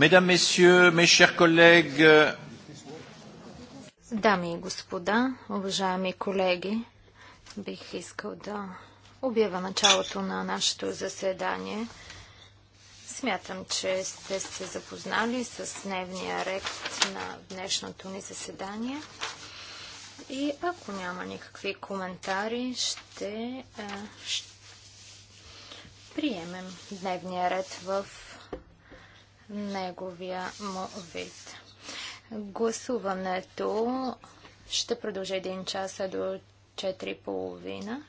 Mesdames, Messieurs, mes chers collègues, euh, Дами и господа, уважаеми колеги, бих искал да обява началото на нашето заседание. Смятам, че сте се запознали с дневния ред на днешното ни заседание. И ако няма никакви коментари, ще, е, ще приемем дневния ред в неговия му вид. Гласуването ще продължи един час до 4.30.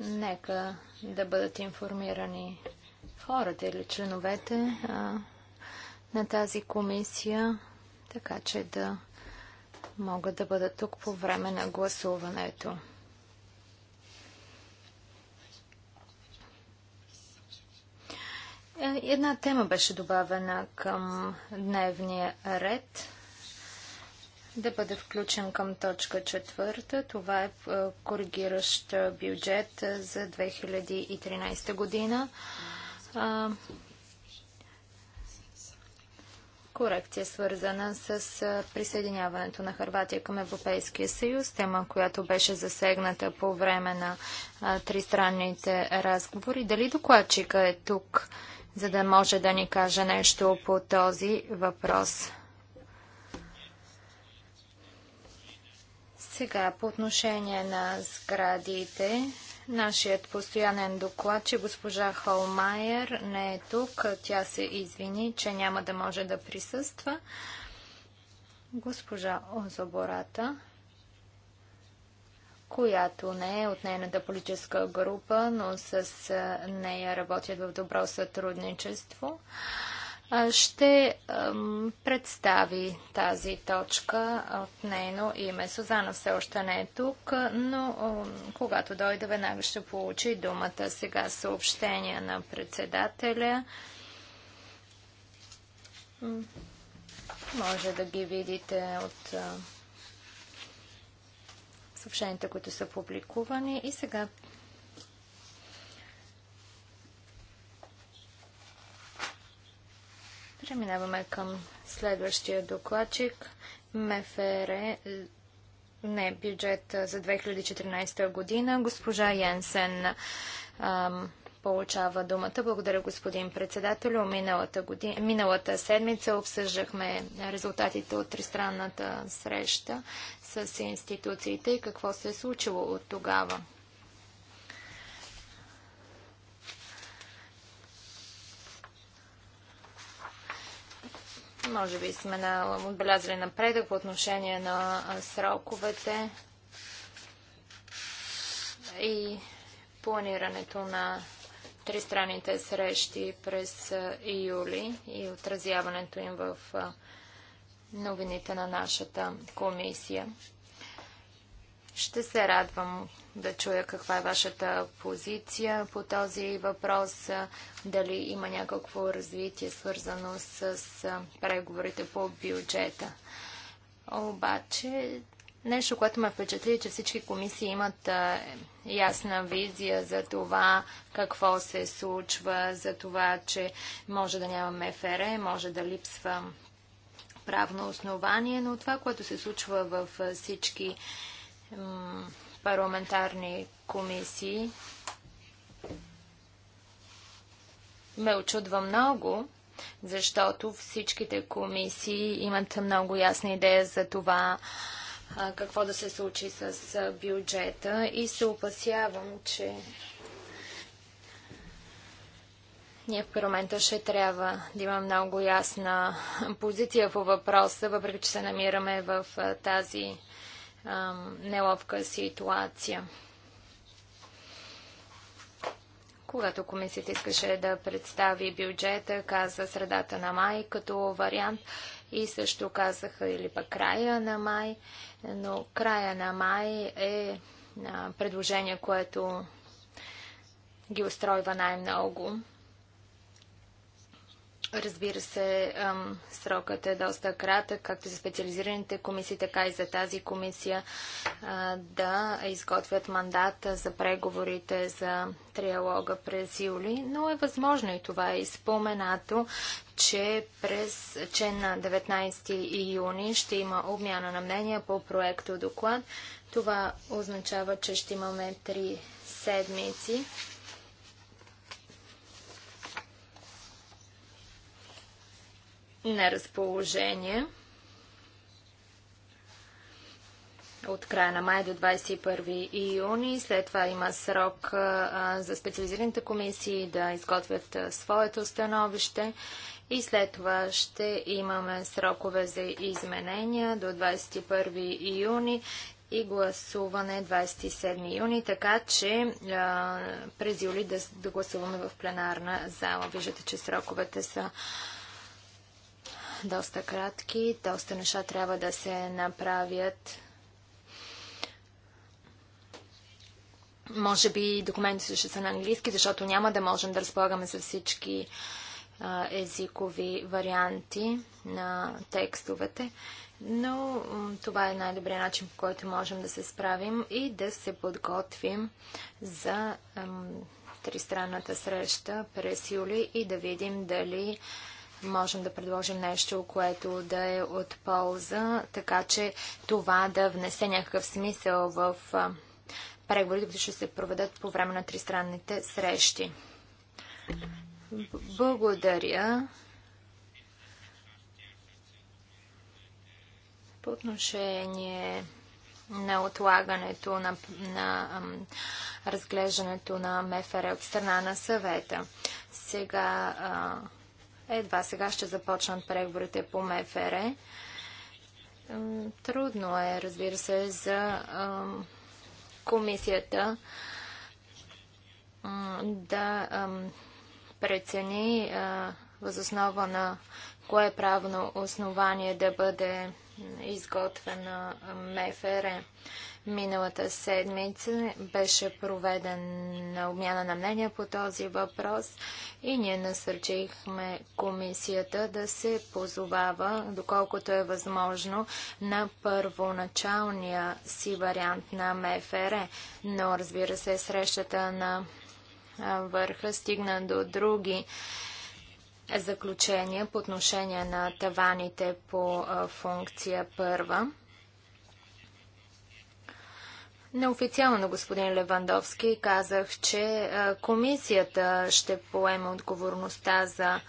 Нека да бъдат информирани хората или членовете а, на тази комисия, така че да могат да бъдат тук по време на гласуването. Е, една тема беше добавена към дневния ред да бъде включен към точка четвърта. Това е, е коригиращ бюджет за 2013 година. Корекция свързана с е, присъединяването на Харватия към Европейския съюз, тема, която беше засегната по време на тристранните разговори. Дали докладчика е тук? за да може да ни каже нещо по този въпрос. Сега по отношение на сградите. Нашият постоянен доклад, че госпожа Холмайер не е тук. Тя се извини, че няма да може да присъства. Госпожа Озобората която не е от нейната политическа група, но с нея работят в добро сътрудничество, ще представи тази точка от нейно име. Сузана все още не е тук, но когато дойде, веднага ще получи думата. Сега съобщения на председателя. Може да ги видите от съобщенията, които са публикувани. И сега преминаваме към следващия докладчик. МФР е, не бюджет за 2014 година. Госпожа Янсен ам, получава думата. Благодаря, господин председател. Миналата, година, миналата седмица обсъждахме резултатите от тристранната среща с институциите и какво се е случило от тогава. Може би сме на, отбелязали напредък по отношение на сроковете и планирането на тристранните срещи през июли и отразяването им в новините на нашата комисия. Ще се радвам да чуя каква е вашата позиция по този въпрос, дали има някакво развитие свързано с преговорите по бюджета. Обаче Нещо, което ме впечатли, е, че всички комисии имат а, ясна визия за това какво се случва, за това, че може да нямаме ФР, може да липсва правно основание, но това, което се случва в всички парламентарни комисии, ме очудва много, защото всичките комисии имат много ясна идея за това, какво да се случи с бюджета и се опасявам, че ние в парламента ще трябва да имаме много ясна позиция по въпроса, въпреки че се намираме в тази неловка ситуация. Когато комисията искаше да представи бюджета, каза средата на май като вариант – и също казаха или пък края на май, но края на май е предложение, което ги устройва най-много. Разбира се, срокът е доста кратък, както за специализираните комисии, така и за тази комисия да изготвят мандата за преговорите за триалога през юли, но е възможно и това е изпоменато, че, през, че на 19 юни ще има обмяна на мнения по проекто доклад. Това означава, че ще имаме три седмици на разположение от края на май до 21 июни. След това има срок за специализираните комисии да изготвят своето становище и след това ще имаме срокове за изменения до 21 июни и гласуване 27 юни, така че а, през юли да, да гласуваме в пленарна зала. Виждате, че сроковете са доста кратки, доста неща трябва да се направят. Може би документите ще са на английски, защото няма да можем да разполагаме за всички а, езикови варианти на текстовете, но това е най-добрият начин, по който можем да се справим и да се подготвим за ам, тристранната среща през юли и да видим дали можем да предложим нещо, което да е от полза, така че това да внесе някакъв смисъл в преговорите, които ще се проведат по време на тристранните срещи. Благодаря. По отношение на отлагането на, на ам, разглеждането на МФР от страна на съвета. Сега а, едва сега ще започнат преговорите по МФР. Трудно е, разбира се, за комисията да прецени възоснова на кое е правно основание да бъде изготвена МФР. Миналата седмица беше проведена обмяна на мнения по този въпрос и ние насърчихме комисията да се позовава, доколкото е възможно, на първоначалния си вариант на МФР. Но, разбира се, срещата на върха стигна до други заключения по отношение на таваните по функция първа. Неофициално, господин Левандовски, казах, че комисията ще поеме отговорността за,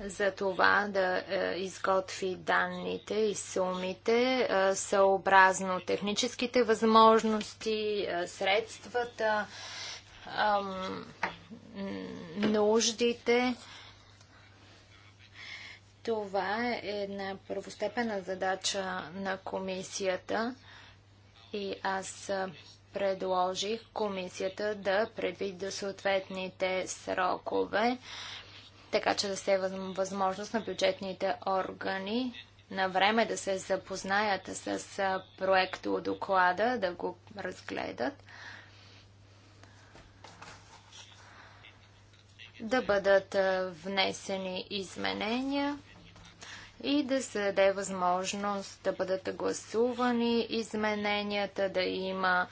за това да е, изготви данните и сумите съобразно техническите възможности, средствата, нуждите. Това е една първостепена задача на комисията – и аз предложих комисията да предвиди съответните срокове, така че да се е възможност на бюджетните органи на време да се запознаят с проекто доклада, да го разгледат, да бъдат внесени изменения и да се даде възможност да бъдат гласувани измененията, да има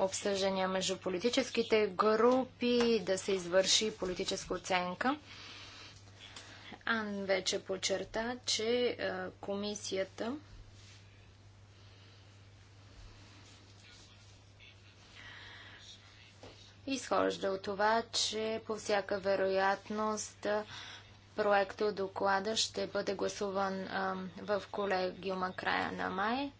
обсъждания между политическите групи, да се извърши политическа оценка. Ан вече подчерта, че комисията изхожда от това, че по всяка вероятност Проекто доклада ще бъде гласуван в колегиума края на май.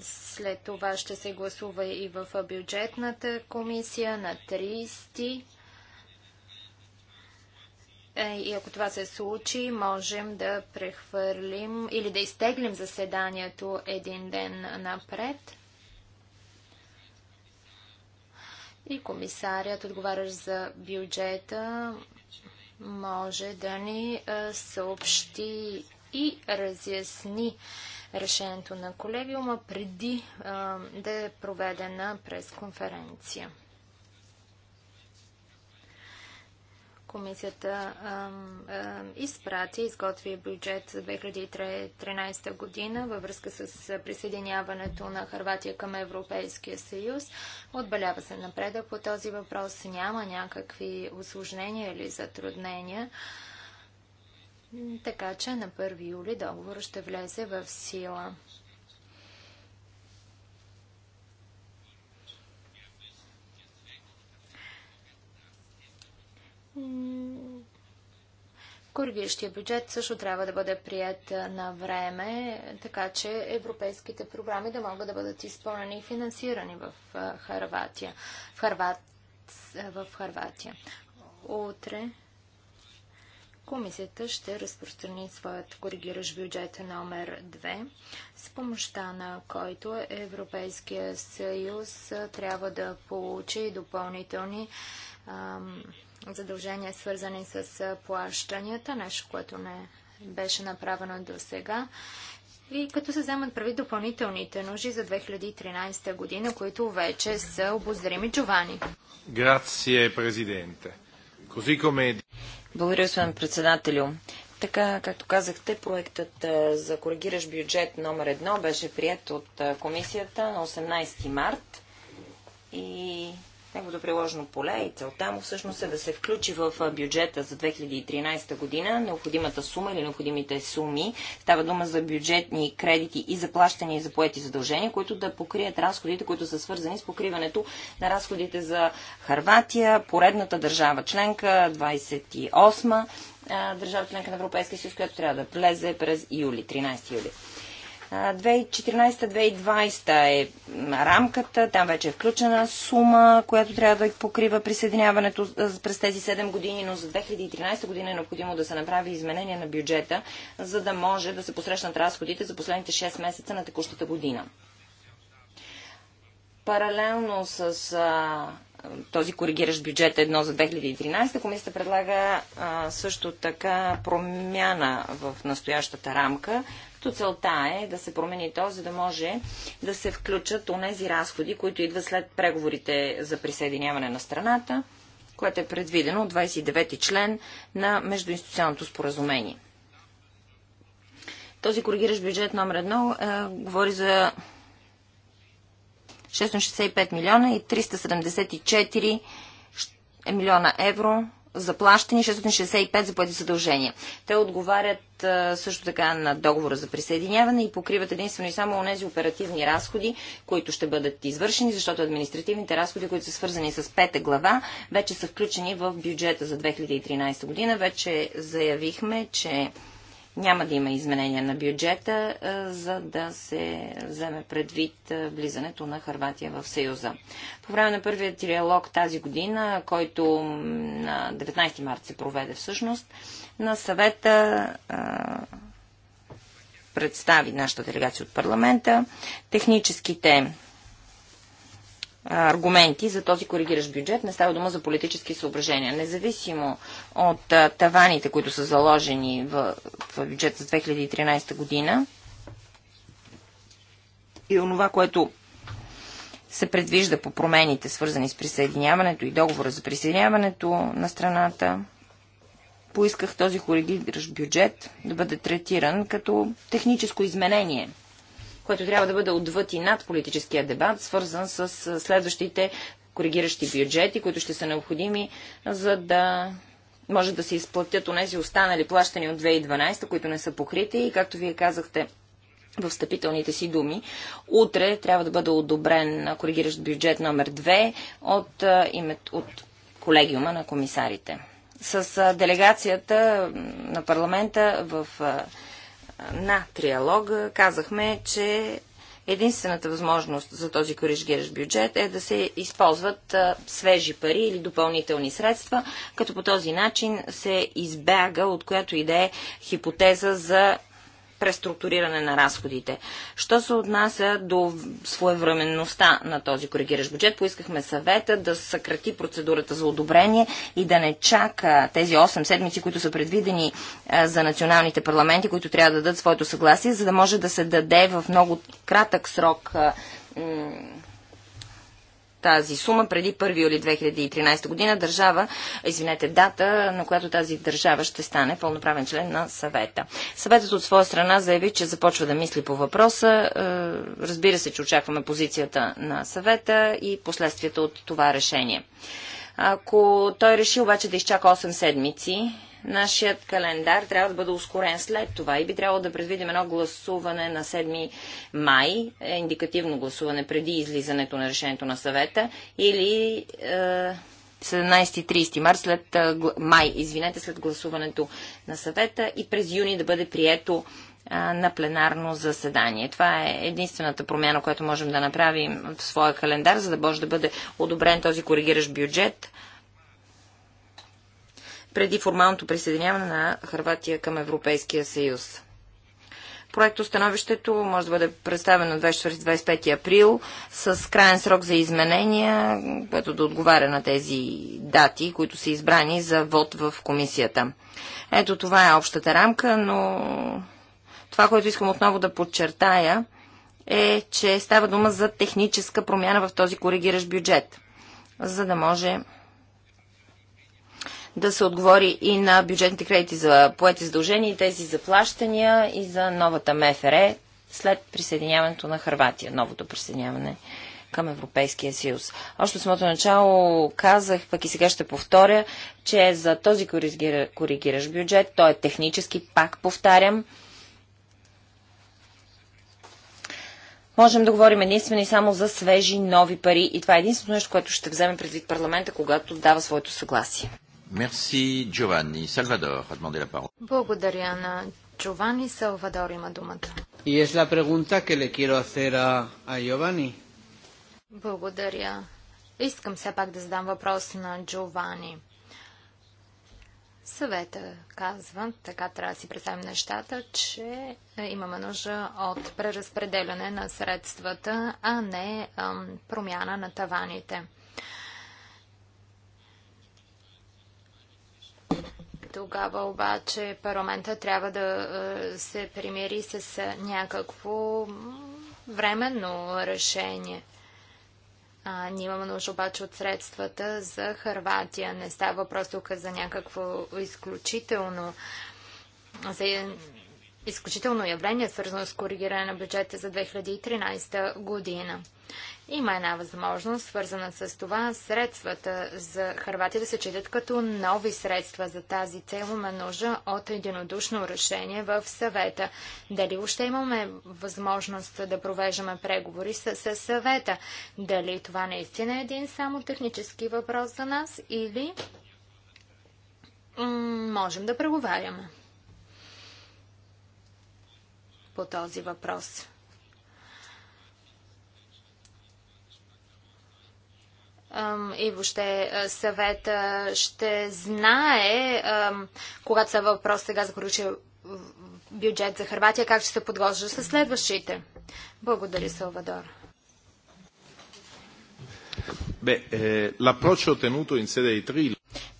След това ще се гласува и в бюджетната комисия на 30. Е, и ако това се случи, можем да прехвърлим или да изтеглим заседанието един ден напред. И комисарият, отговарящ за бюджета, може да ни съобщи и разясни решението на колегиума преди да е проведена пресконференция. Комисията изпрати, изготви бюджет за 2013 година във връзка с присъединяването на Харватия към Европейския съюз. Отбелява се напредък по този въпрос. Няма някакви осложнения или затруднения. Така че на 1 юли договор ще влезе в сила. Коригиращия бюджет също трябва да бъде прият на време, така че европейските програми да могат да бъдат изпълнени и финансирани в Харватия. В, Харват... в Харватия. Утре комисията ще разпространи своят коригиращ бюджет номер 2, с помощта на който Европейския съюз трябва да получи допълнителни ам, задължения, свързани с плащанията, нещо, което не беше направено до сега. И като се вземат прави допълнителните нужди за 2013 година, които вече са обозрими Джовани. Грация, президенте. Благодаря, господин председателю. Така, както казахте, проектът за коригираш бюджет номер едно беше прият от комисията на 18 март и неговото приложено поле и целта му всъщност е да се включи в бюджета за 2013 година необходимата сума или необходимите суми. Става дума за бюджетни кредити и заплащани и за поети задължения, които да покрият разходите, които са свързани с покриването на разходите за Харватия, поредната държава членка, 28 държава членка на Европейския съюз, която трябва да влезе през юли, 13 юли. 2014-2020 е рамката, там вече е включена сума, която трябва да покрива присъединяването през тези 7 години, но за 2013 година е необходимо да се направи изменение на бюджета, за да може да се посрещнат разходите за последните 6 месеца на текущата година. Паралелно с а, този коригиращ бюджет едно за 2013, комисията предлага а, също така промяна в настоящата рамка като целта е да се промени то, за да може да се включат онези разходи, които идват след преговорите за присъединяване на страната, което е предвидено от 29 ти член на междуинституционното споразумение. Този коригиращ бюджет номер едно е, говори за 665 милиона и 374 милиона евро заплащани, 665 за поети задължения. Те отговарят а, също така на договора за присъединяване и покриват единствено и само тези оперативни разходи, които ще бъдат извършени, защото административните разходи, които са свързани с пета глава, вече са включени в бюджета за 2013 година. Вече заявихме, че няма да има изменения на бюджета, за да се вземе предвид влизането на Харватия в Съюза. По време на първия триалог тази година, който на 19 март се проведе всъщност, на съвета представи нашата делегация от парламента техническите аргументи за този коригиращ бюджет. Не става дума за политически съображения. Независимо от таваните, които са заложени в, в бюджет за 2013 година и онова, което се предвижда по промените, свързани с присъединяването и договора за присъединяването на страната, поисках този коригиращ бюджет да бъде третиран като техническо изменение – което трябва да бъде отвъд и над политическия дебат, свързан с следващите коригиращи бюджети, които ще са необходими, за да може да се изплатят онези останали плащани от 2012, които не са покрити и, както вие казахте, в встъпителните си думи. Утре трябва да бъде одобрен коригиращ бюджет номер 2 от, имет, от колегиума на комисарите. С делегацията на парламента в на триалога казахме, че единствената възможност за този коригиращ бюджет е да се използват свежи пари или допълнителни средства, като по този начин се избяга от която и да е хипотеза за преструктуриране на разходите. Що се отнася до своевременността на този коригиращ бюджет, поискахме съвета да съкрати процедурата за одобрение и да не чака тези 8 седмици, които са предвидени за националните парламенти, които трябва да дадат своето съгласие, за да може да се даде в много кратък срок тази сума преди 1 юли 2013 година държава, извинете, дата, на която тази държава ще стане пълноправен член на съвета. Съветът от своя страна заяви, че започва да мисли по въпроса. Е, разбира се, че очакваме позицията на съвета и последствията от това решение. Ако той реши обаче да изчака 8 седмици, Нашият календар трябва да бъде ускорен след това и би трябвало да предвидим едно гласуване на 7 май, е индикативно гласуване преди излизането на решението на съвета или е, 17-30 март, след е, май, извинете, след гласуването на съвета и през юни да бъде прието е, на пленарно заседание. Това е единствената промяна, която можем да направим в своя календар, за да може да бъде одобрен този коригиращ бюджет преди формалното присъединяване на Харватия към Европейския съюз. становището може да бъде представено 24-25 април с крайен срок за изменения, което да отговаря на тези дати, които са избрани за вод в комисията. Ето това е общата рамка, но това, което искам отново да подчертая, е, че става дума за техническа промяна в този коригиращ бюджет, за да може да се отговори и на бюджетните кредити за поети задължения и тези за плащания и за новата МФР след присъединяването на Харватия, новото присъединяване към Европейския съюз. Още в самото начало казах, пък и сега ще повторя, че за този коригиращ бюджет, той е технически, пак повтарям, Можем да говорим единствено и само за свежи нови пари и това е единственото нещо, което ще вземе предвид парламента, когато дава своето съгласие. Merci, Giovanni. Salvador a demandé la parole. Благодаря на Giovanni. Салвадор има думата. И е la pregunta que le quiero hacer a, a Giovanni. Благодаря. Искам все пак да задам въпрос на Джовани. Съвета казва, така трябва да си представим нещата, че е, имаме нужда от преразпределяне на средствата, а не ам, промяна на таваните. Тогава обаче парламента трябва да е, се примири с е, някакво временно решение. А, ние имаме нужда обаче от средствата за Харватия. Не става просто тук за някакво изключително за изключително явление, свързано с коригиране на бюджета за 2013 година. Има една възможност, свързана с това, средствата за Харватия да се четат като нови средства за тази цел. Има нужда от единодушно решение в съвета. Дали още имаме възможност да провеждаме преговори с, с съвета? Дали това наистина е един само технически въпрос за нас или можем да преговаряме по този въпрос? и въобще съвета ще знае, когато са въпрос сега за поручия бюджет за Харватия, как ще се подготвя с следващите. Благодаря, Салвадор. Бе, е, l'approccio tenuto in sede di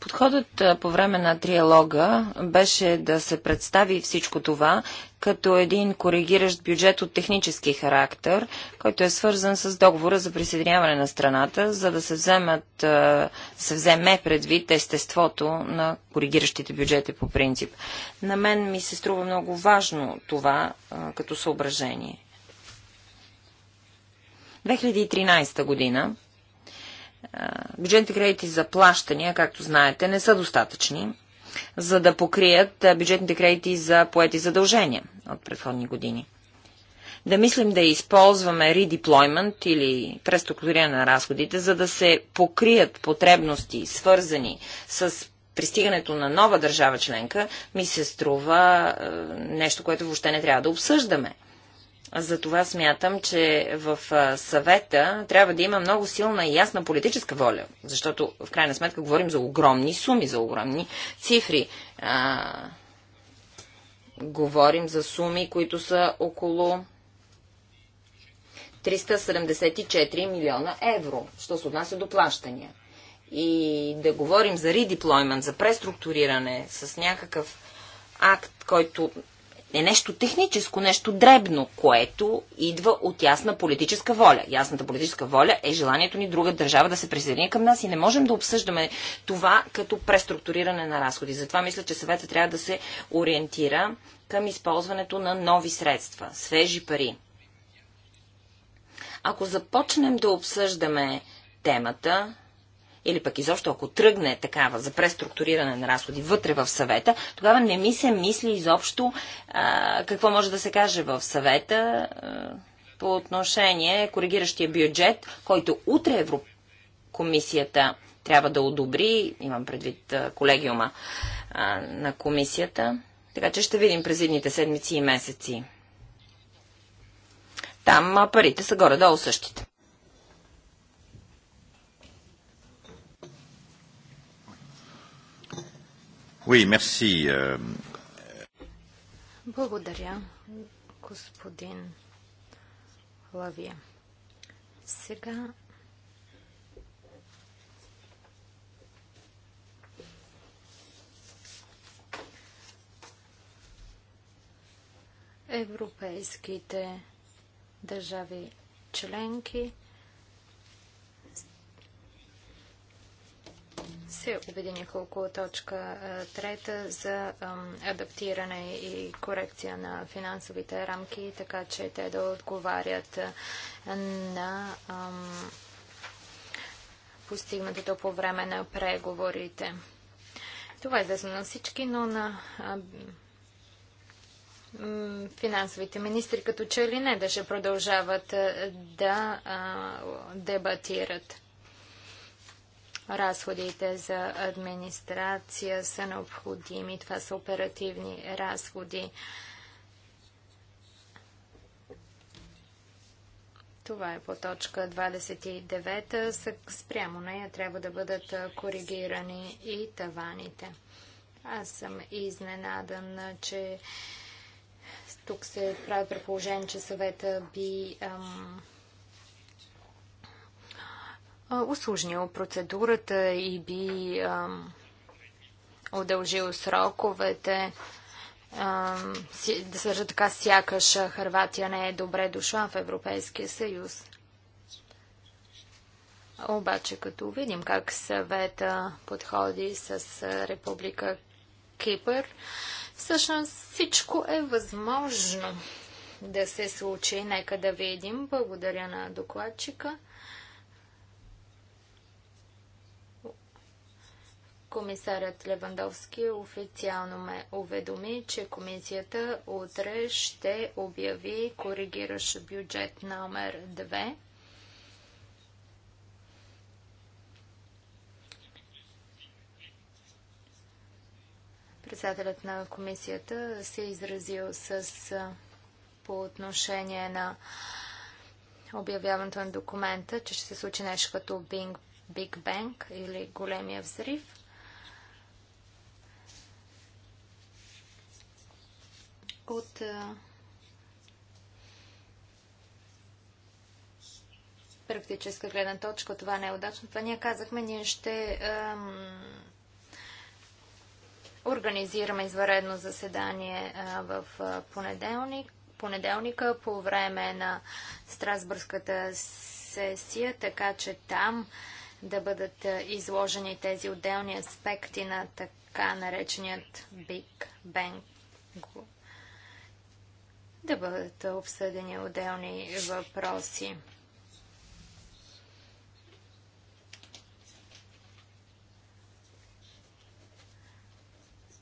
Подходът по време на триалога беше да се представи всичко това като един коригиращ бюджет от технически характер, който е свързан с договора за присъединяване на страната, за да се, вземат, се вземе предвид естеството на коригиращите бюджети по принцип. На мен ми се струва много важно това като съображение. 2013 година Бюджетните кредити за плащания, както знаете, не са достатъчни, за да покрият бюджетните кредити за поети задължения от предходни години. Да мислим да използваме redeployment или преструктуриране на разходите, за да се покрият потребности, свързани с пристигането на нова държава членка, ми се струва нещо, което въобще не трябва да обсъждаме. Затова смятам, че в съвета трябва да има много силна и ясна политическа воля, защото в крайна сметка говорим за огромни суми, за огромни цифри. А, говорим за суми, които са около 374 милиона евро, що се отнася до плащания. И да говорим за редеплоймент, за преструктуриране с някакъв акт, който е нещо техническо, нещо дребно, което идва от ясна политическа воля. Ясната политическа воля е желанието ни друга държава да се присъедини към нас и не можем да обсъждаме това като преструктуриране на разходи. Затова мисля, че съвета трябва да се ориентира към използването на нови средства, свежи пари. Ако започнем да обсъждаме темата, или пък изобщо ако тръгне такава за преструктуриране на разходи вътре в съвета, тогава не ми се мисли изобщо а, какво може да се каже в съвета а, по отношение коригиращия бюджет, който утре Еврокомисията комисията трябва да одобри, имам предвид колегиума а, на комисията. Така че ще видим през едните седмици и месеци. Там парите са горе-долу същите. Oui, merci. Euh. Благодаря, господин Лавия. Сега европейските държави членки се обединиха около точка трета за адаптиране и корекция на финансовите рамки, така че те да отговарят на постигнатото по време на преговорите. Това е известно на всички, но на финансовите министри като че ли не да ще продължават да дебатират. Разходите за администрация са необходими. Това са оперативни разходи. Това е по точка 29. Спрямо нея трябва да бъдат коригирани и таваните. Аз съм изненадан, че тук се прави предположение, че съвета би ам, усложнил процедурата и би удължил сроковете. Ам, да така, сякаш Харватия не е добре дошла в Европейския съюз. Обаче, като видим как съвета подходи с Република Кипър, всъщност всичко е възможно да се случи. Нека да видим. Благодаря на докладчика. Комисарят Левандовски официално ме уведоми, че комисията утре ще обяви коригиращ бюджет номер 2. Председателят на комисията се е изразил с по отношение на обявяването на документа, че ще се случи нещо като Биг Бенг или големия взрив. от практическа гледна точка това не е удачно. Това ние казахме, ние ще ем, организираме изваредно заседание е, в понеделник, понеделника по време на Страсбургската сесия, така че там да бъдат изложени тези отделни аспекти на така нареченият Big Bang да бъдат обсъдени отделни въпроси.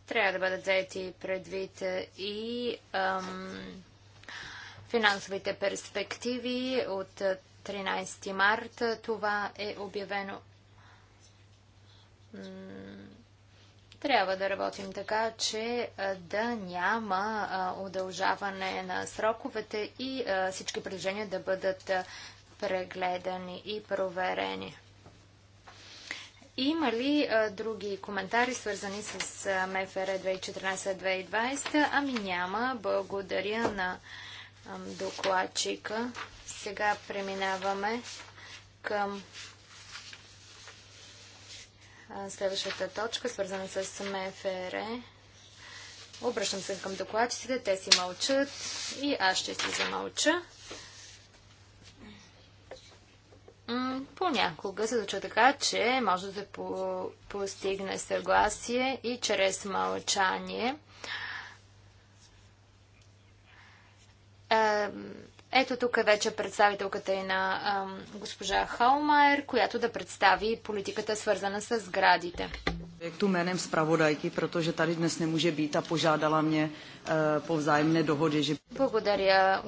Трябва да бъдат взети предвид и ам, финансовите перспективи от 13 марта. Това е обявено трябва да работим така, че да няма удължаване на сроковете и всички предложения да бъдат прегледани и проверени. Има ли а, други коментари, свързани с МФР 2014-2020? Ами няма. Благодаря на а, докладчика. Сега преминаваме към Следващата точка, свързана с МФР. Обръщам се към докладчиците, те си мълчат и аз ще си замълча. Понякога се случва така, че може да се по постигне съгласие и чрез мълчание. Ем ето тук е вече представителката и на ам, госпожа Хаумайер, която да представи политиката свързана с градите. Tu jménem zpravodajky, protože tady dnes nemůže být a požádala mě e, po vzájemné dohodě, že... Благодаря.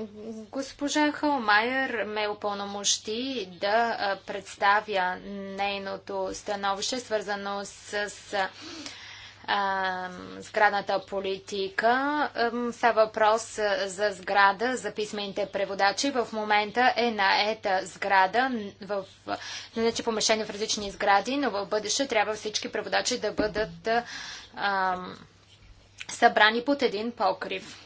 Госпожа Хаумайер ме упълномощи да представя нейното становище, свързано с, с сградната политика. Става въпрос за сграда за писмените преводачи. В момента е на ета сграда, в, значи помещение в различни сгради, но в бъдеще трябва всички преводачи да бъдат а, събрани под един покрив.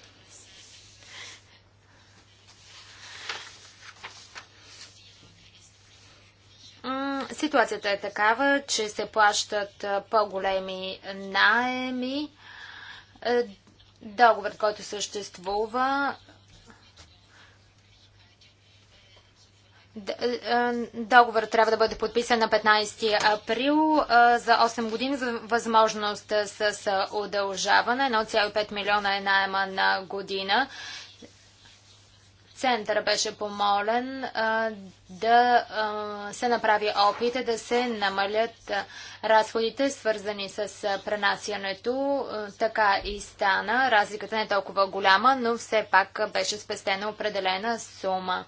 Ситуацията е такава, че се плащат по-големи найеми. Е, договорът, който съществува, е, е, Договор трябва да бъде подписан на 15 април за 8 години за възможност с удължаване. 1,5 милиона е найема на година Център беше помолен а, да а, се направи опит да се намалят разходите, свързани с пренасянето. Така и стана. Разликата не е толкова голяма, но все пак беше спестена определена сума.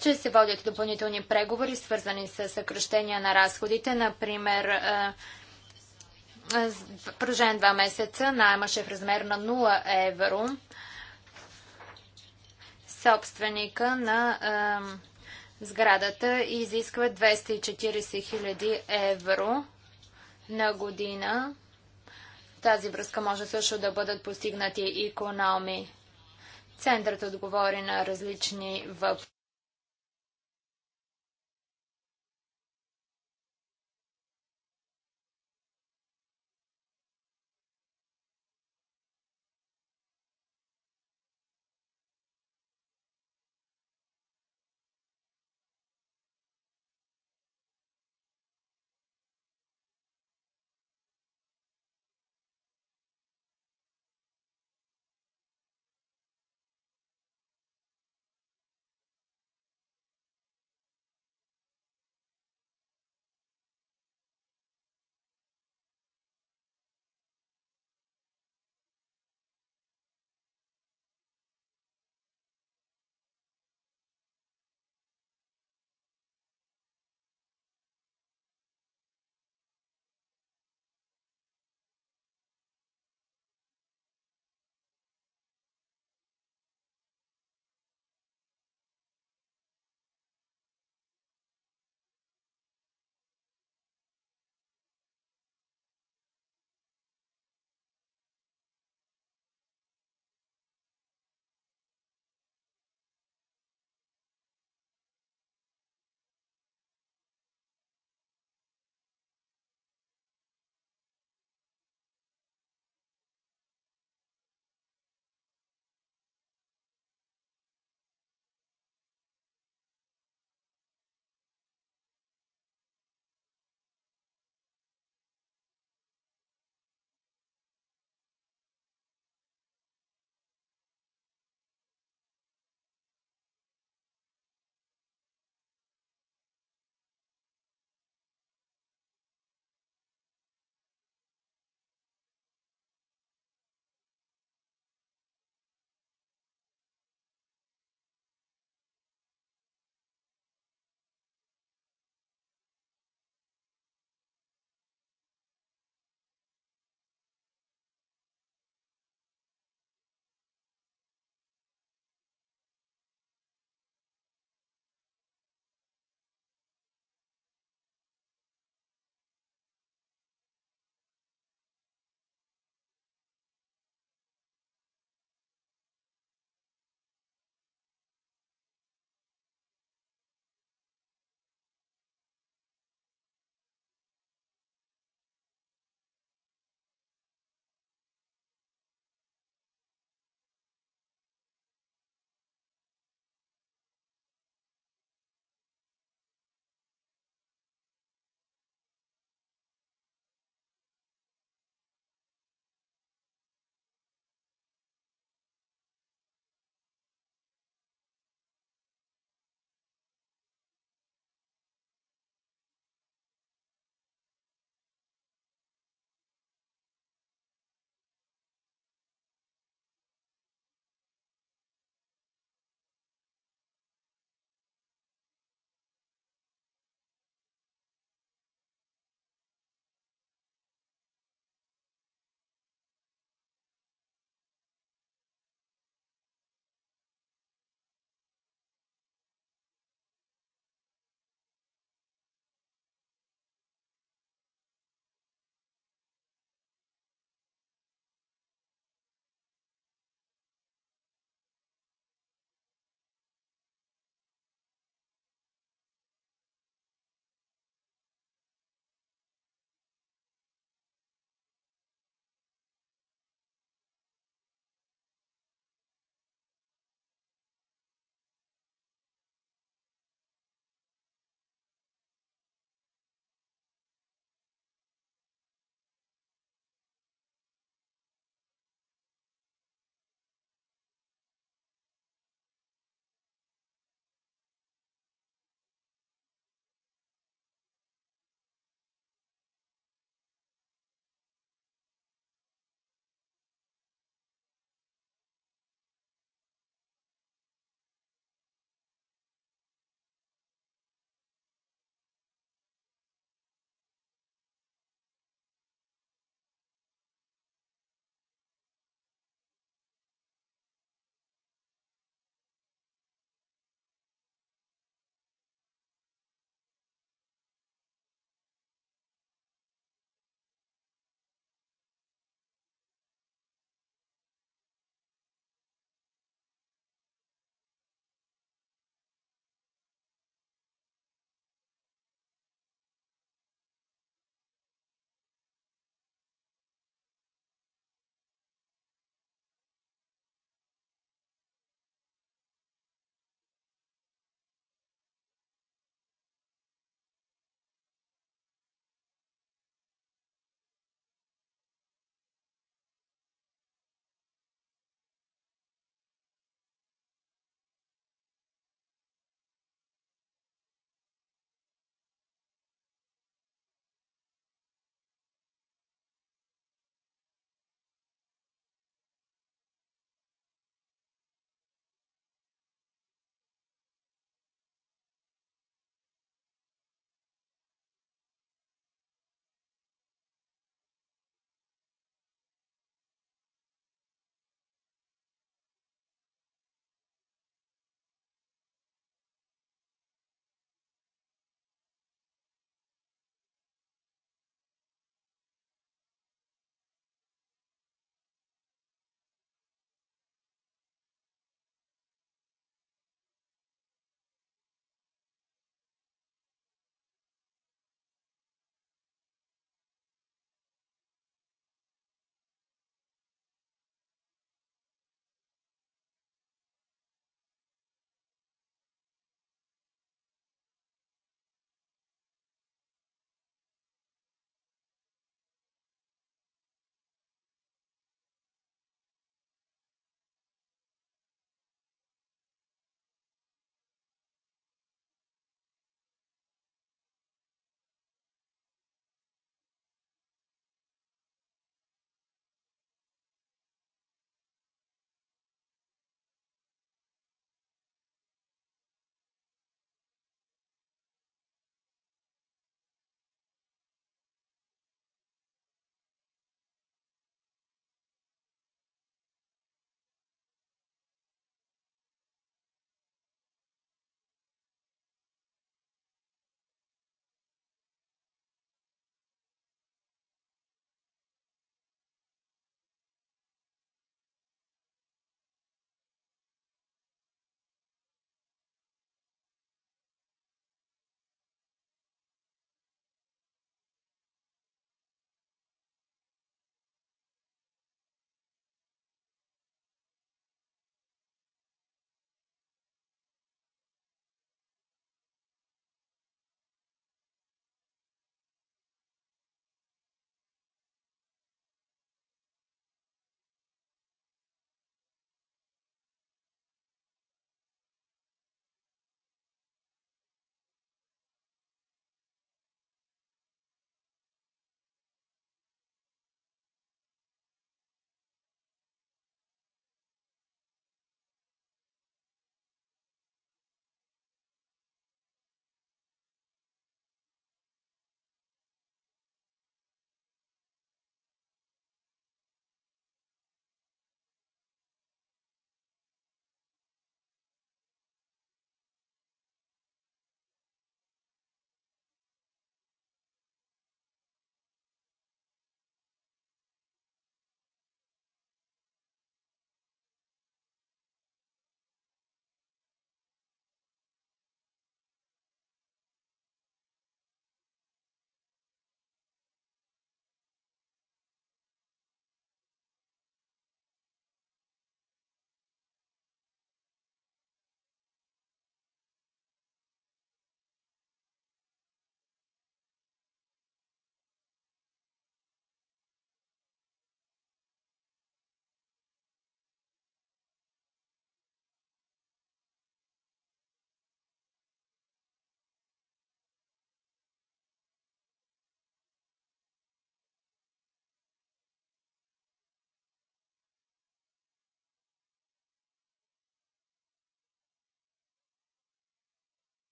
Ще се водят допълнителни преговори, свързани с съкръщения на разходите, например продължен два месеца найма ще е в размер на 0 евро. Собственика на е, сградата изисква 240 000 евро на година. В тази връзка може също да бъдат постигнати икономи. Центърът отговори на различни въпроси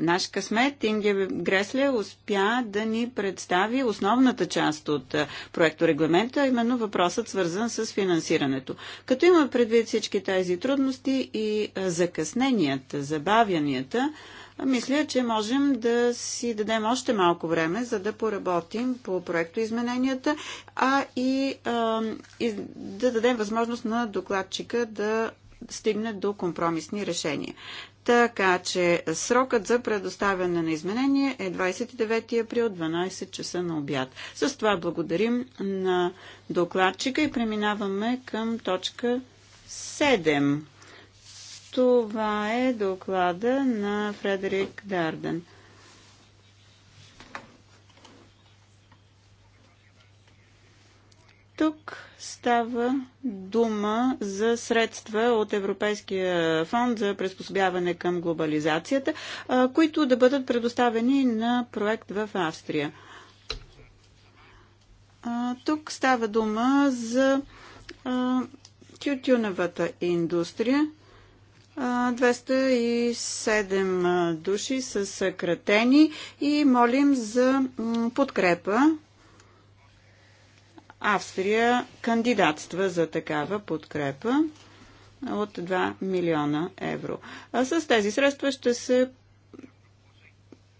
наш късмет Инге Гресле успя да ни представи основната част от проекто регламента, именно въпросът свързан с финансирането. Като има предвид всички тези трудности и закъсненията, забавянията, мисля, че можем да си дадем още малко време, за да поработим по проекто измененията, а и, а, и да дадем възможност на докладчика да стигнат до компромисни решения. Така че срокът за предоставяне на изменение е 29 април 12 часа на обяд. С това благодарим на докладчика и преминаваме към точка 7. Това е доклада на Фредерик Дарден. Тук Става дума за средства от Европейския фонд за приспособяване към глобализацията, които да бъдат предоставени на проект в Австрия. Тук става дума за тютюновата индустрия. 207 души са съкратени и молим за подкрепа Австрия кандидатства за такава подкрепа от 2 милиона евро. А с тези средства ще се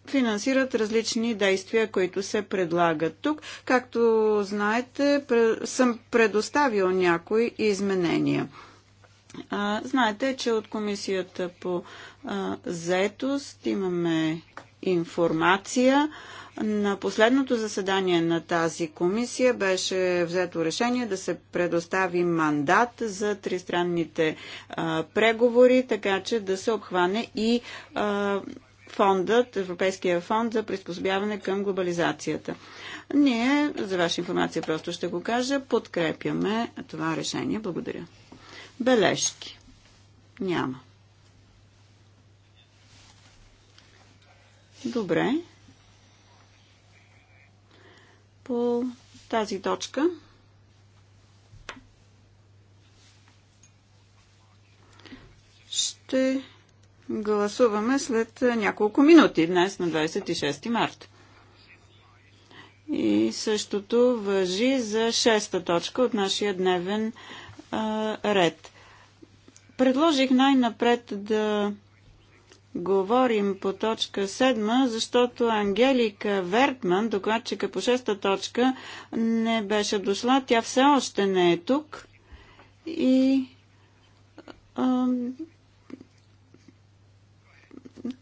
финансират различни действия, които се предлагат тук. Както знаете, съм предоставил някои изменения. Знаете, че от Комисията по заетост имаме информация. На последното заседание на тази комисия беше взето решение да се предостави мандат за тристранните а, преговори, така че да се обхване и а, фондът, Европейския фонд за приспособяване към глобализацията. Ние, за ваша информация просто ще го кажа, подкрепяме това решение. Благодаря. Бележки. Няма. Добре по тази точка. Ще гласуваме след няколко минути, днес на 26 март. И същото въжи за шеста точка от нашия дневен а, ред. Предложих най-напред да говорим по точка 7, защото Ангелика Вертман, докладчика по 6 точка, не беше дошла. Тя все още не е тук. И а,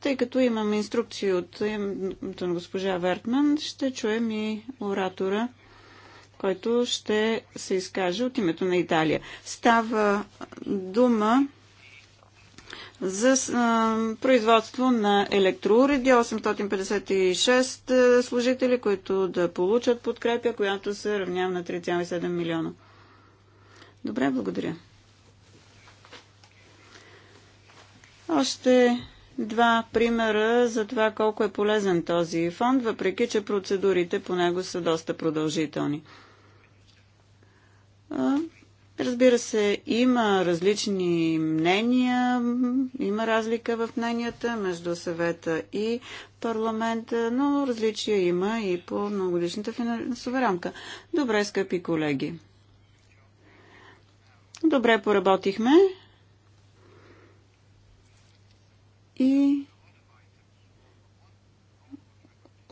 тъй като имам инструкции от госпожа Вертман, ще чуем и оратора, който ще се изкаже от името на Италия. Става дума за производство на електроуреди, 856 служители, които да получат подкрепя, която се равнява на 3,7 милиона. Добре, благодаря. Още два примера за това колко е полезен този фонд, въпреки че процедурите по него са доста продължителни. Разбира се, има различни мнения, има разлика в мненията между съвета и парламента, но различия има и по многогодишната финансова рамка. Добре, скъпи колеги. Добре поработихме. И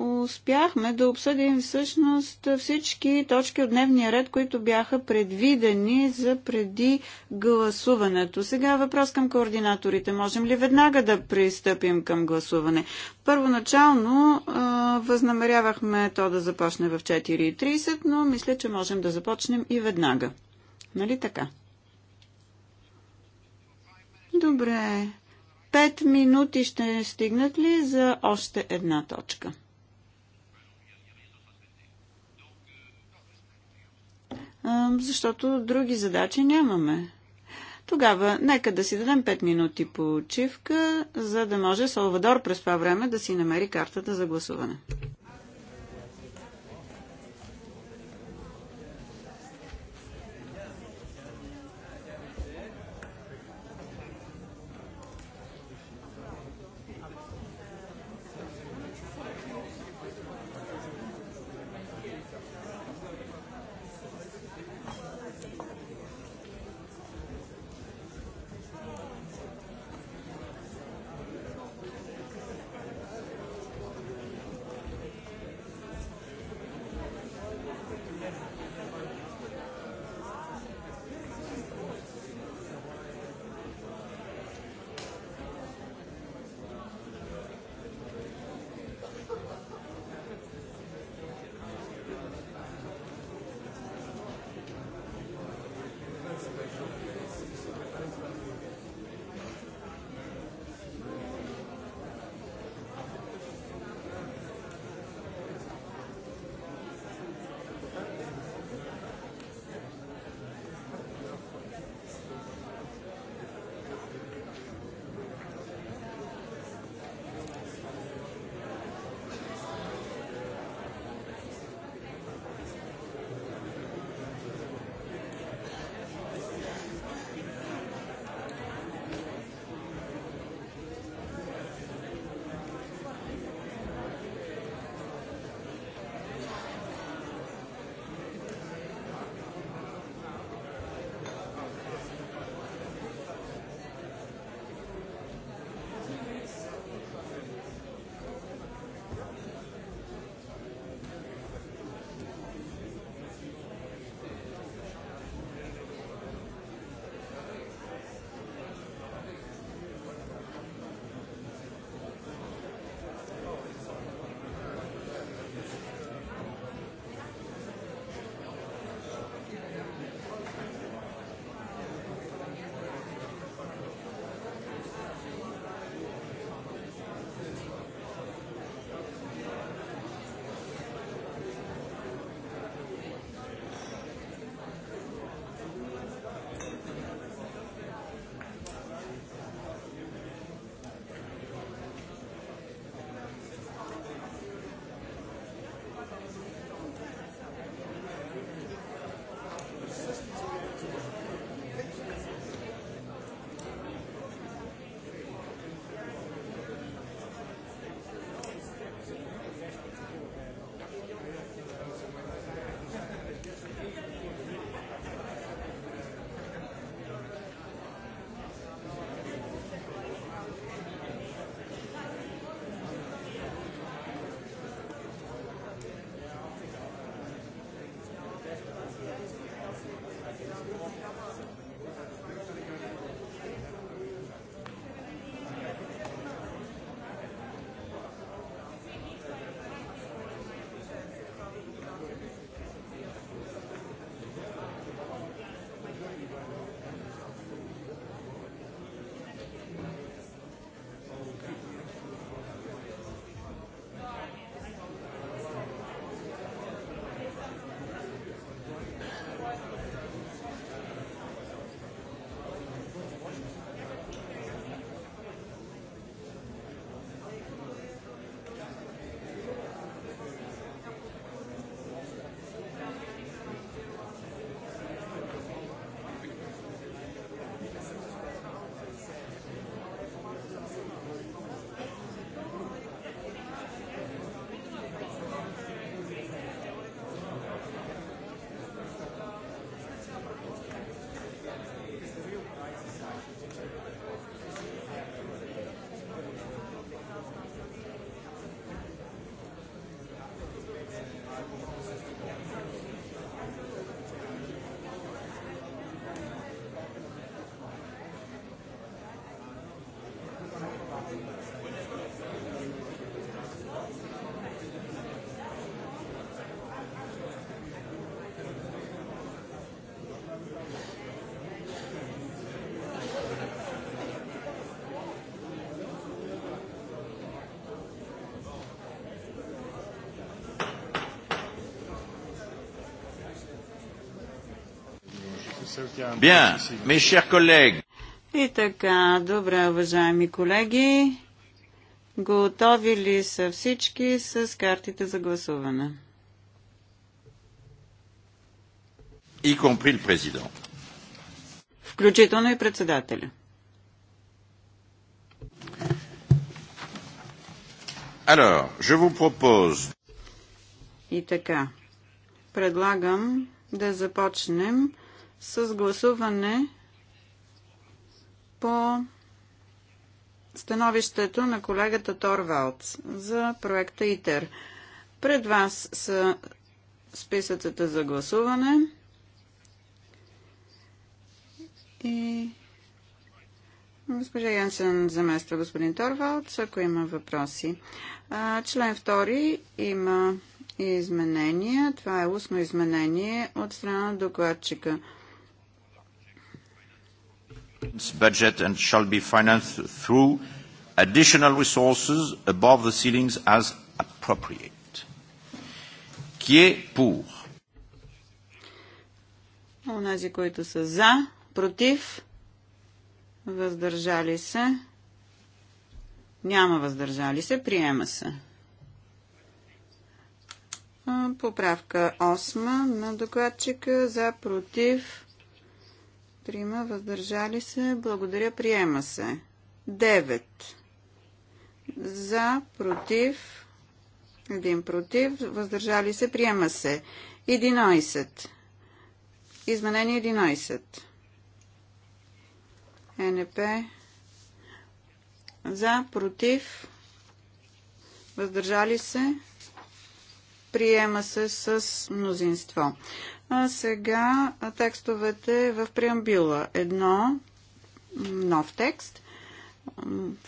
успяхме да обсъдим всъщност всички точки от дневния ред, които бяха предвидени за преди гласуването. Сега въпрос към координаторите. Можем ли веднага да пристъпим към гласуване? Първоначално а, възнамерявахме то да започне в 4.30, но мисля, че можем да започнем и веднага. Нали така? Добре. Пет минути ще стигнат ли за още една точка? защото други задачи нямаме. Тогава нека да си дадем 5 минути почивка, за да може Салвадор през това време да си намери картата за гласуване. Bien, mes chers collègues. И така, добре, уважаеми колеги. Готови ли са всички с картите за гласуване? И compris le président. Включително и председателя. Alors, je vous propose... И така, предлагам да започнем с гласуване по становището на колегата Торвалц за проекта ИТЕР. Пред вас са списъците за гласуване и госпожа Янсен замества господин Торвалц, ако има въпроси. Член 2 има изменения. Това е устно изменение от страна на докладчика budget and shall be financed through additional resources above the ceilings as appropriate. Qui est pour? Онези, които са за, против, въздържали се, няма въздържали се, приема се. Поправка 8 на докладчика за против Трима въздържали се. Благодаря. Приема се. 9. За, против. Един против. Въздържали се. Приема се. 11. Изменение 11. НП. За, против. Въздържали се. Приема се с мнозинство. А сега текстовете в преамбюла. Едно, нов текст,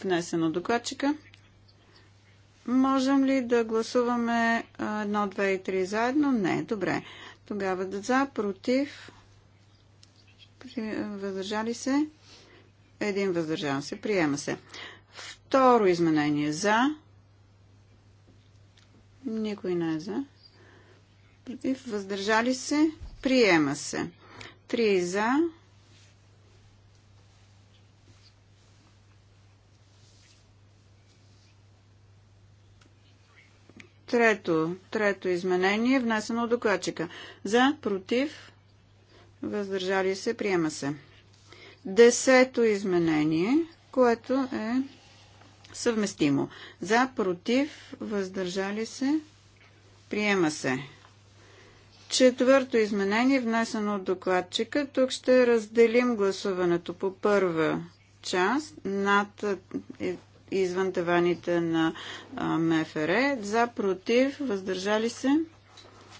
внесен от докладчика. Можем ли да гласуваме едно, две и три заедно? Не, добре. Тогава да за, против, въздържали се, един въздържан се, приема се. Второ изменение за, никой не е за против, въздържали се, приема се. 3 за, Трето, трето изменение, внесено от докладчика. За, против, въздържали се, приема се. Десето изменение, което е съвместимо. За, против, въздържали се, приема се. Четвърто изменение, внесено от докладчика. Тук ще разделим гласуването по първа част над е, извън таваните на МФР. За, против, въздържали се.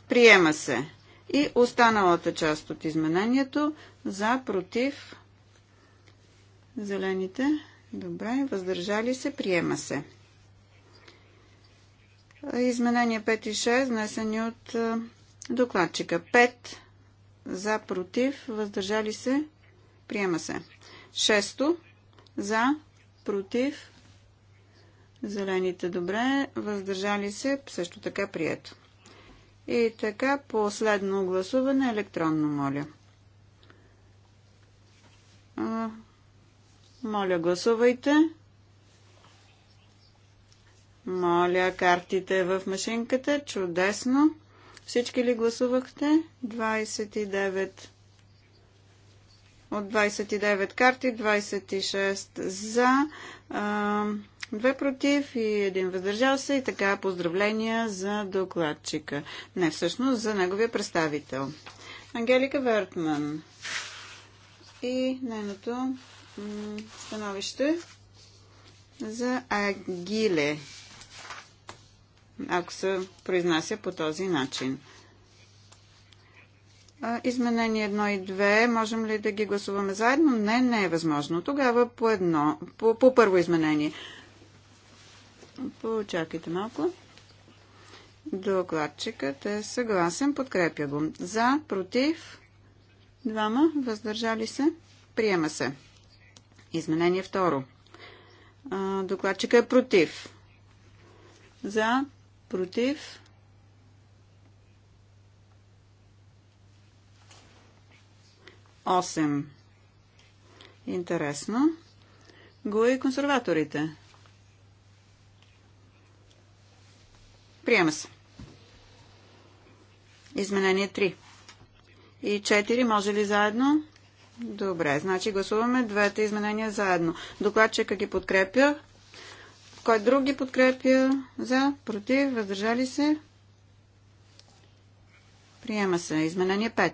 Приема се. И останалата част от изменението за, против, зелените. Добре, въздържали се, приема се. Изменения 5 и 6, внесени от Докладчика 5 за, против, въздържали се, приема се. Шесто за, против, зелените добре, въздържали се, също така прието. И така, последно гласуване електронно, моля. Моля, гласувайте. Моля, картите в машинката. Чудесно. Всички ли гласувахте? 29 от 29 карти, 26 за, 2 против и един въздържал се и така поздравления за докладчика. Не, всъщност за неговия представител. Ангелика Вертман и нейното становище за Агиле ако се произнася по този начин. Изменение 1 и 2, можем ли да ги гласуваме заедно? Не, не е възможно. Тогава по, едно, по, по първо изменение. Почакайте малко. Докладчикът е съгласен, подкрепя го. За, против, двама, въздържали се, приема се. Изменение второ. Докладчика е против. За, против, Осем. Интересно. Го и консерваторите. Приема се. Изменение 3. И 4 може ли заедно? Добре, значи гласуваме двете изменения заедно. Докладчика ги подкрепя. Кой друг ги подкрепя? За, против, въздържали се. Приема се. Изменение 5.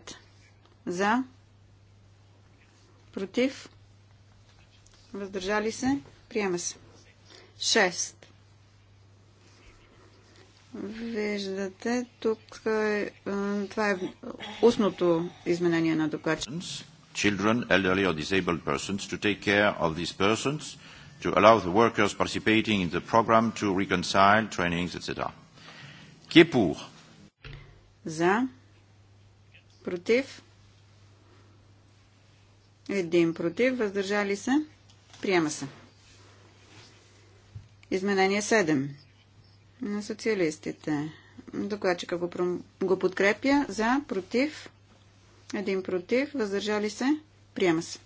За, против, въздържали се. Приема се. 6. Виждате, тук е, е, това е устното изменение на докладчика. Children, elderly or disabled persons to take care of these persons to allow the workers participating in the program to reconcile trainings, etc. Qui est pour? За. Против. Един против. Въздържали се. Приема се. Изменение 7 на социалистите. Докладчика го, го подкрепя. За, против. Един против. Въздържали се. Приема се.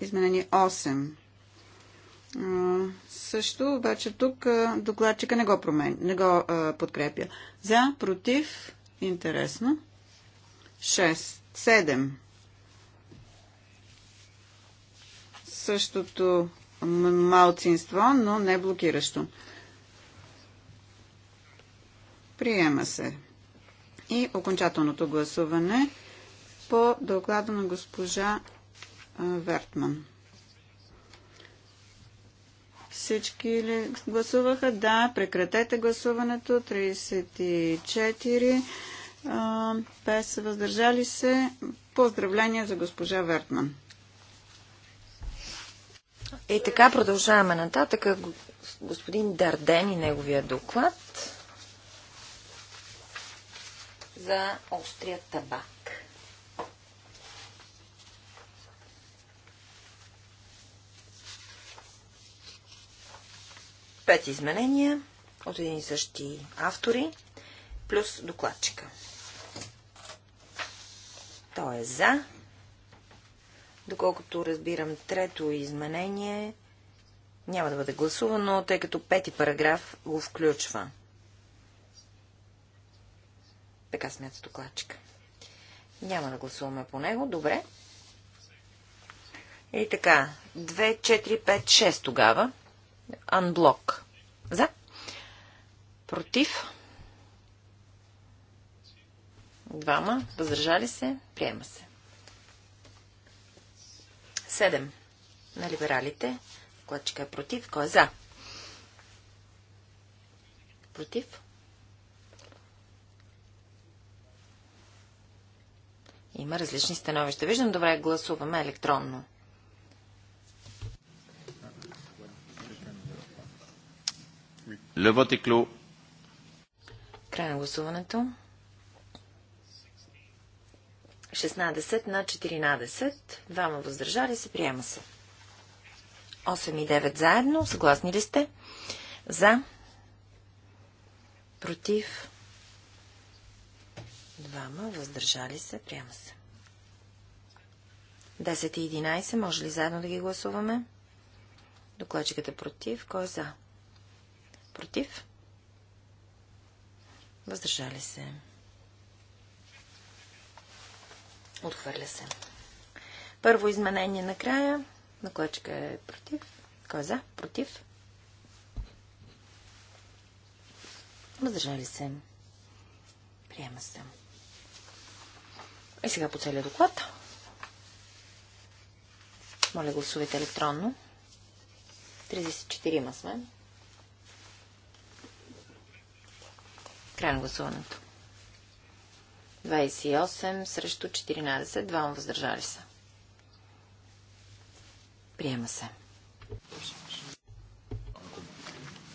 Изменение 8 също, обаче тук докладчика не го, промен... не го а, подкрепя. За, против, интересно. 6. 7. Същото малцинство, но не блокиращо. Приема се. И окончателното гласуване по доклада на госпожа Вертман. Всички ли гласуваха? Да. Прекратете гласуването. 34. Без въздържали се. Поздравления за госпожа Вертман. И така продължаваме нататък. Господин Дарден и неговия доклад за острия табак. Пет изменения от един и същи автори, плюс докладчика. Той е за. Доколкото разбирам, трето изменение няма да бъде гласувано, тъй като пети параграф го включва. Така смята докладчика. Няма да гласуваме по него. Добре. И така, 2, 4, 5, 6 тогава. Анблок. За. Против. Двама. Въздържали се. Приема се. Седем На либералите. Докладчика е против. Кой е за? Против. Има различни становища. Виждам, добре, гласуваме електронно. Le vote est clos. Край на гласуването. 16 на 14. Двама въздържали се. Приема се. 8 и 9 заедно. Съгласни ли сте? За. Против. Двама въздържали се. Приема се. 10 и 11. Може ли заедно да ги гласуваме? Докладчикът е против. Кой е за? Против? Въздържали се. Отхвърля се. Първо изменение накрая. Клечка е против. Кой е за? Против. Въздържали се. Приема се. И сега по целия доклад. Моля, гласувайте електронно. 34 ма сме. Край на гласуването. 28 срещу 14, двама въздържали се. Приема се.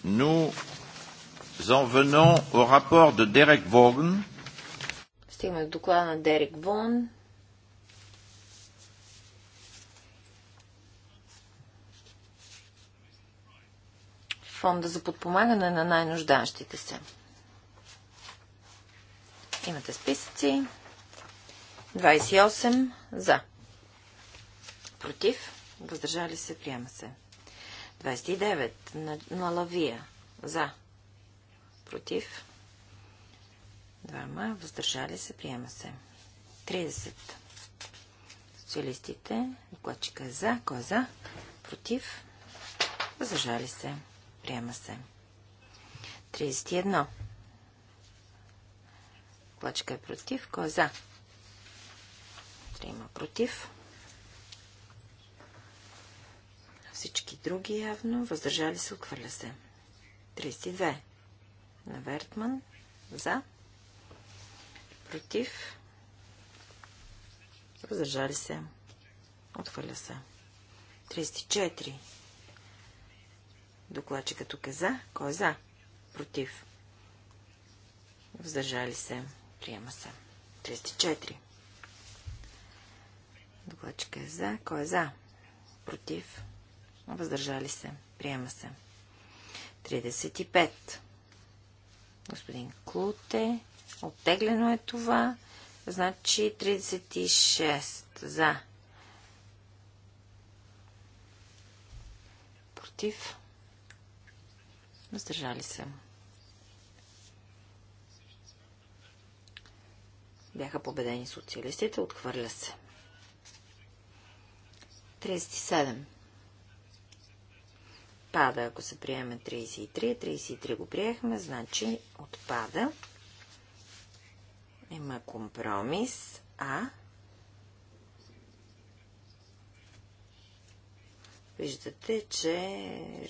Nous en venons au rapport de Derek Vaughan. Стигаме до доклада на Дерек Вон. Фонда за подпомагане на най-нуждащите се. Имате списъци. 28 за. Против. Въздържали се. Приема се. 29 на, на лавия. За. Против. Двама. Въздържали се. Приема се. 30. Социалистите. Докладчика е за. Кой е за? Против. Въздържали се. Приема се. 31. Плачка е против. Кой е за? Трима против. Всички други явно. Въздържали се, отхвърля се. 32. На Вертман. За. Против. Въздържали се. Отхвърля се. 34. Докладчика тук е за. Кой е за? Против. Въздържали се. Приема се. 34. Докладчика е за. Кой е за? Против. Въздържали се. Приема се. 35. Господин Клуте. Оттеглено е това. Значи 36 за. Против. Въздържали се. Бяха победени социалистите, отхвърля се. 37. Пада, ако се приеме 33. 33 го приехме, значи отпада. Има компромис. А. Виждате, че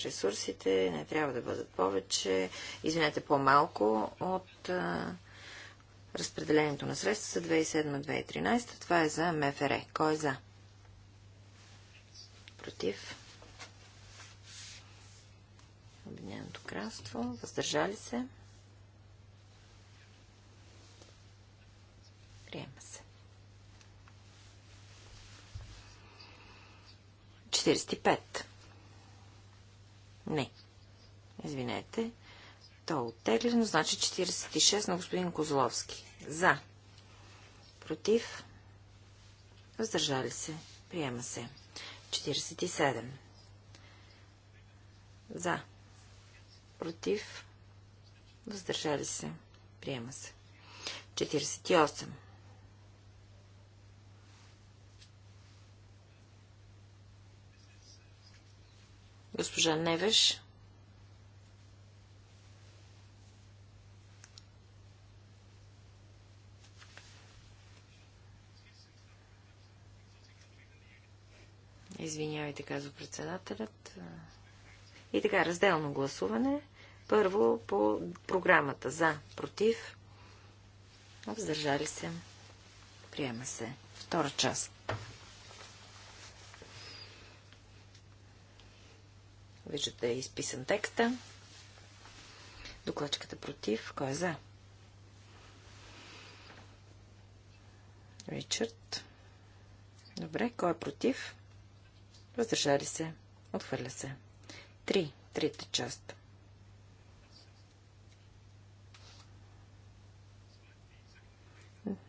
ресурсите не трябва да бъдат повече, извинете, по-малко от Разпределението на средства за 2007-2013. Това е за МФР. Кой е за? Против. Обединеното кралство. Въздържали се. Приема се. 45. Не. Извинете. То е оттеглено, значи 46 на господин Козловски. За. Против. Въздържали се. Приема се. 47. За. Против. Въздържали се. Приема се. 48. Госпожа Невеш. Извинявайте, казва председателят. И така, разделно гласуване. Първо по програмата за, против, въздържали се. Приема се. Втора част. Виждате е изписан текста. Докладчиката против. Кой е за? Ричард. Добре, кой е против? Въздържали се. Отхвърля се. Три. Трета част.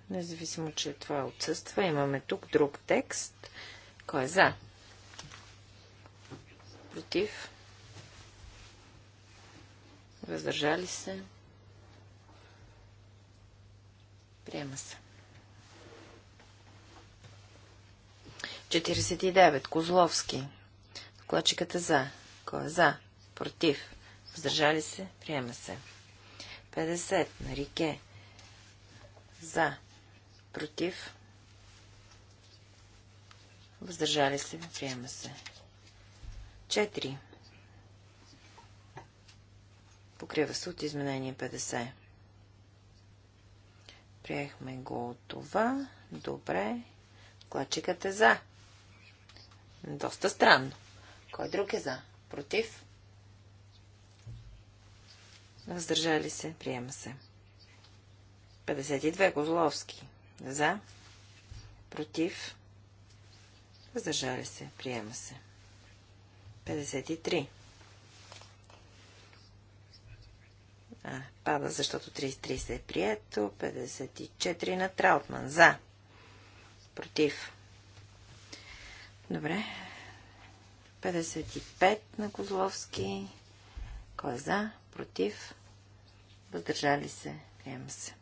Независимо, че това отсъства, имаме тук друг текст. Кой е за? Против? Въздържали се? Приема се. 49. Козловски. Докладчикът е за. Кой е за? Против. Въздържали се? Приема се. 50. На За. Против. Въздържали се? Приема се. 4. Покрива се от изменение 50. Приехме го от това. Добре. Клачикът е за. Доста странно. Кой друг е за? Против? Въздържали се. Приема се. 52. Козловски. За. Против. Въздържали се. Приема се. 53. А, пада, защото 33 се е прието. 54 на Траутман. За. Против. Добре. 55 на Козловски. Кой е за? Против? Въздържали се? Приема се.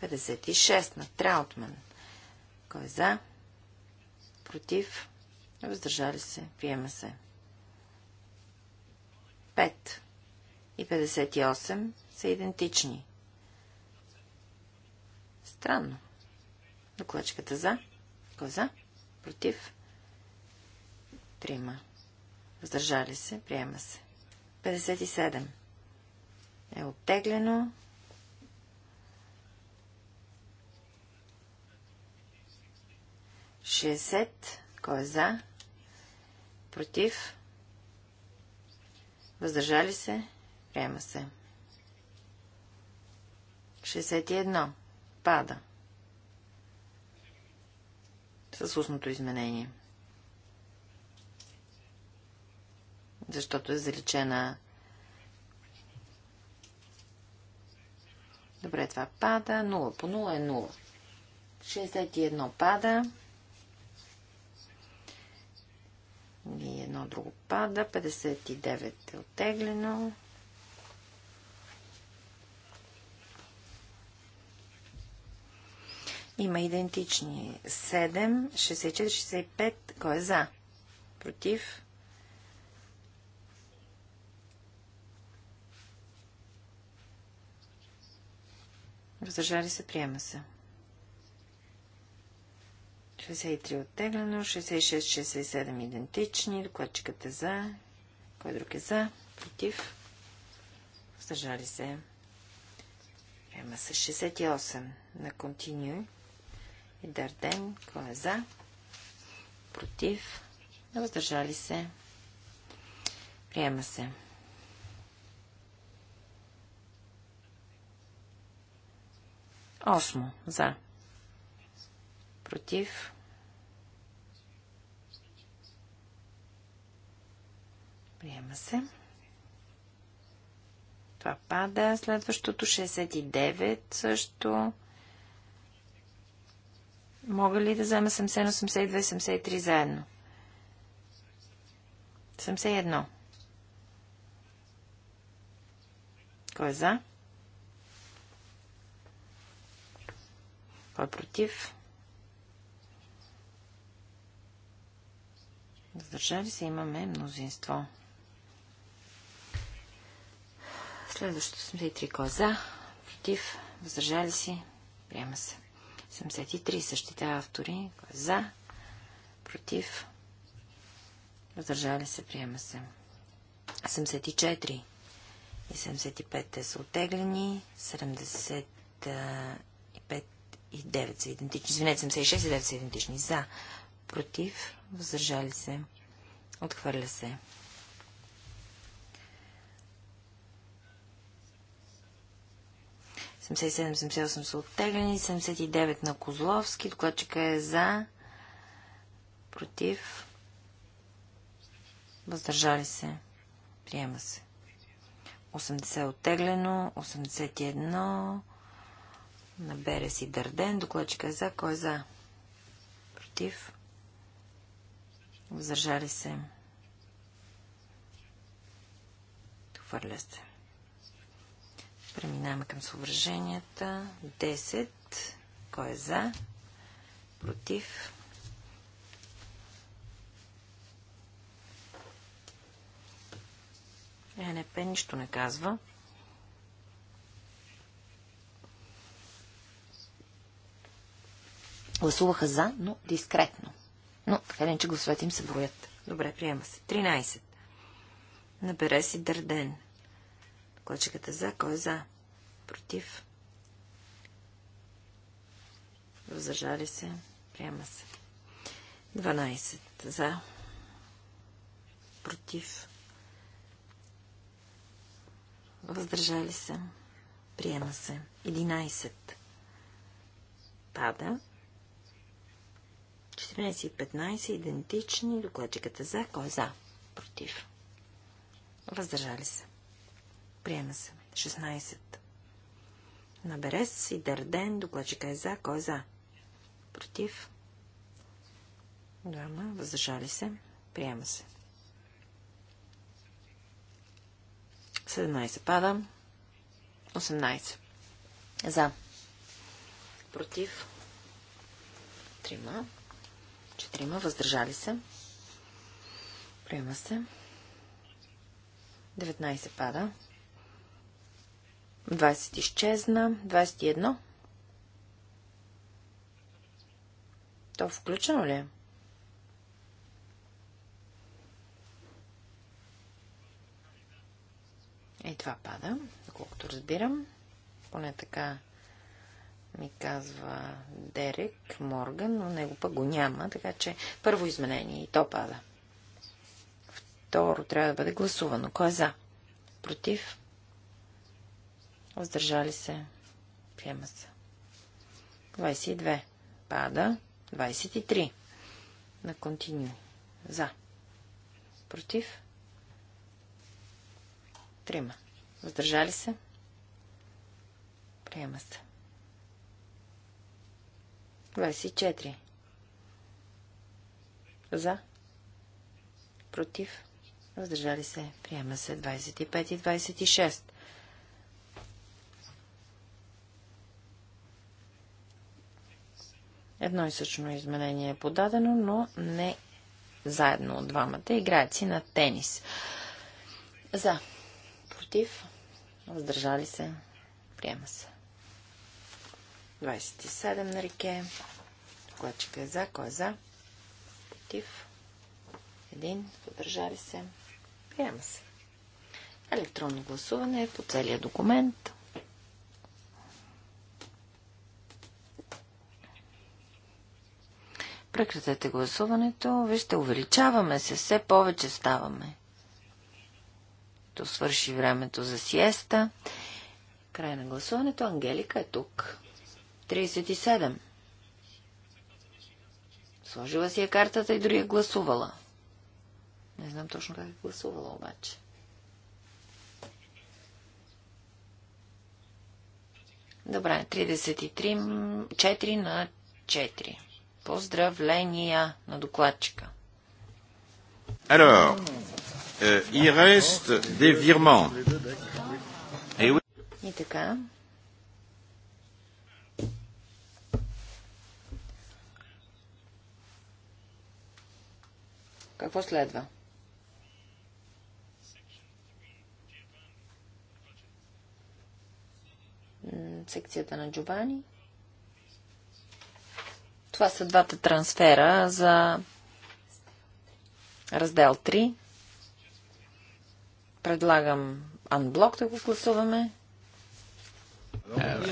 56 на Траутман. Кой е за? Против? Въздържали се? Приема се. 5 и 58 са идентични. Странно. Докладчиката за? Кой е за? Против? Трима. Въздържали се. Приема се. 57. Е оттеглено. Шестдесет. Кой е за? Против? Въздържали се? Приема се. 61. Пада. С устното изменение. 62. защото е заличена. Добре, това пада. 0 по 0 е 0. 61 пада. И едно друго пада. 59 е оттеглено. Има идентични 7, 64, 65. Кой е за? Против? Въздържали се, приема се. 63 оттеглено, 66, 67 идентични, докладчикът е за, кой друг е за, против, въздържали се. Приема се 68 на Continue и Дарден, кой е за, против, въздържали се. Приема се. Осмо. За. Против. Приема се. Това пада. Следващото 69 също. Мога ли да взема 70, 82, 73 заедно? 71. Кой е за? това е против? Въздържали се имаме мнозинство. Следващото 83 кой за, против, въздържали си, приема се. 73 същите автори, кой за, против, въздържали се, приема се. 74 и 75 е те са отеглени, 70 и 9 са идентични. Извинете, 76 и 9 са идентични. За, против, въздържали се, отхвърля се. са оттеглени, 79 на Козловски, докладчика е за, против, въздържали се, приема се. 80 е оттеглено, 81, на Берес и Дърден. Докладчика е за. Кой е за? Против? Въздържали се. Хвърля се. Преминаваме към съображенията. 10. Кой е за? Против? Е, НП нищо не казва. гласуваха за, но дискретно. Но така ли, че гласовете им се броят. Добре, приема се. 13. Набере си Дърден. Кочеката за, кой е за? Против. Въздържали се. Приема се. 12. За. Против. Въздържали се. Приема се. 11. Пада. 14 и 15 идентични. Докладчиката е за. Кой е за? Против. Въздържали се. Приема се. 16. Наберес и Дарден. Докладчика е за. Кой е за? Против. Двама. Въздържали се. Приема се. 17 пада. 18. За. Против. Трима трима, въздържали се. Приема се. 19 пада. 20 изчезна. 21. То включено ли е? И е, това пада, доколкото разбирам. Поне така ми казва Дерек Морган, но него пък го няма, така че първо изменение и то пада. Второ трябва да бъде гласувано. Кой е за? Против? Въздържали се? Приема се. 22. Пада. 23. На континю. За. Против? Трима. Въздържали се? Приема се. 24. За. Против. Въздържали се. Приема се 25 и 26. Едно и същно изменение е подадено, но не заедно от двамата. Играят си на тенис. За. Против. Въздържали се. Приема се. 27 на реке. Докладчика е за. Кой е за? Против. Един. Въздържали се. Приема се. Електронно гласуване по целия документ. Прекратете гласуването. Вижте, увеличаваме се, все повече ставаме. То свърши времето за сиеста. Край на гласуването. Ангелика е тук. 37. Сложила си я е картата и дори е гласувала. Не знам точно как е гласувала обаче. Добре, 33, 4 на 4. Поздравления на докладчика. Alors, euh, il reste des virements. И така, Какво следва? Секцията на Джобани. Това са двата трансфера за раздел 3. Предлагам анблок да го гласуваме. Е, е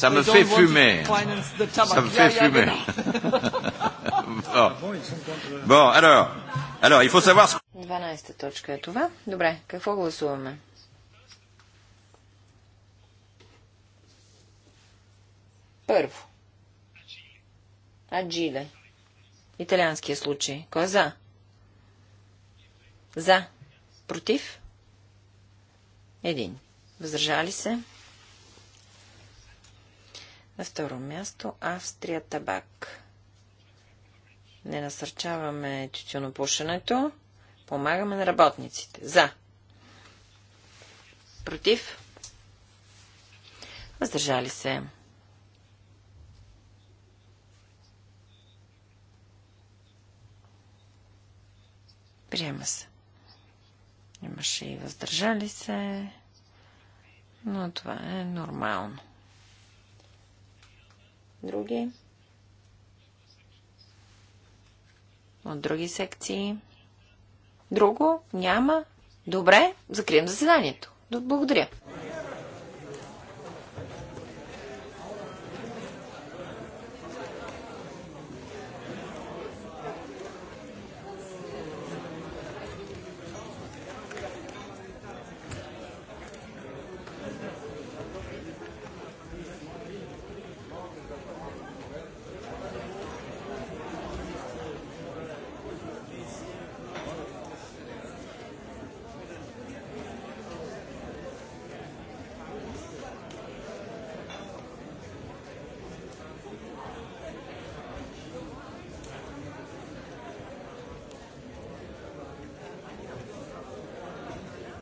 Ça me fait fumer. Ça me fait fumer. 12-та точка е това. Добре, какво гласуваме? Първо. Аджиле. Италианския случай. Кой е за? За. Против? Един. Въздържали се? На второ място Австрия Табак. Не насърчаваме тютюнопушенето. Помагаме на работниците. За. Против. Въздържали се. Приема се. Имаше и въздържали се, но това е нормално. Други? от други секции. Друго? Няма? Добре, закрием заседанието. Благодаря.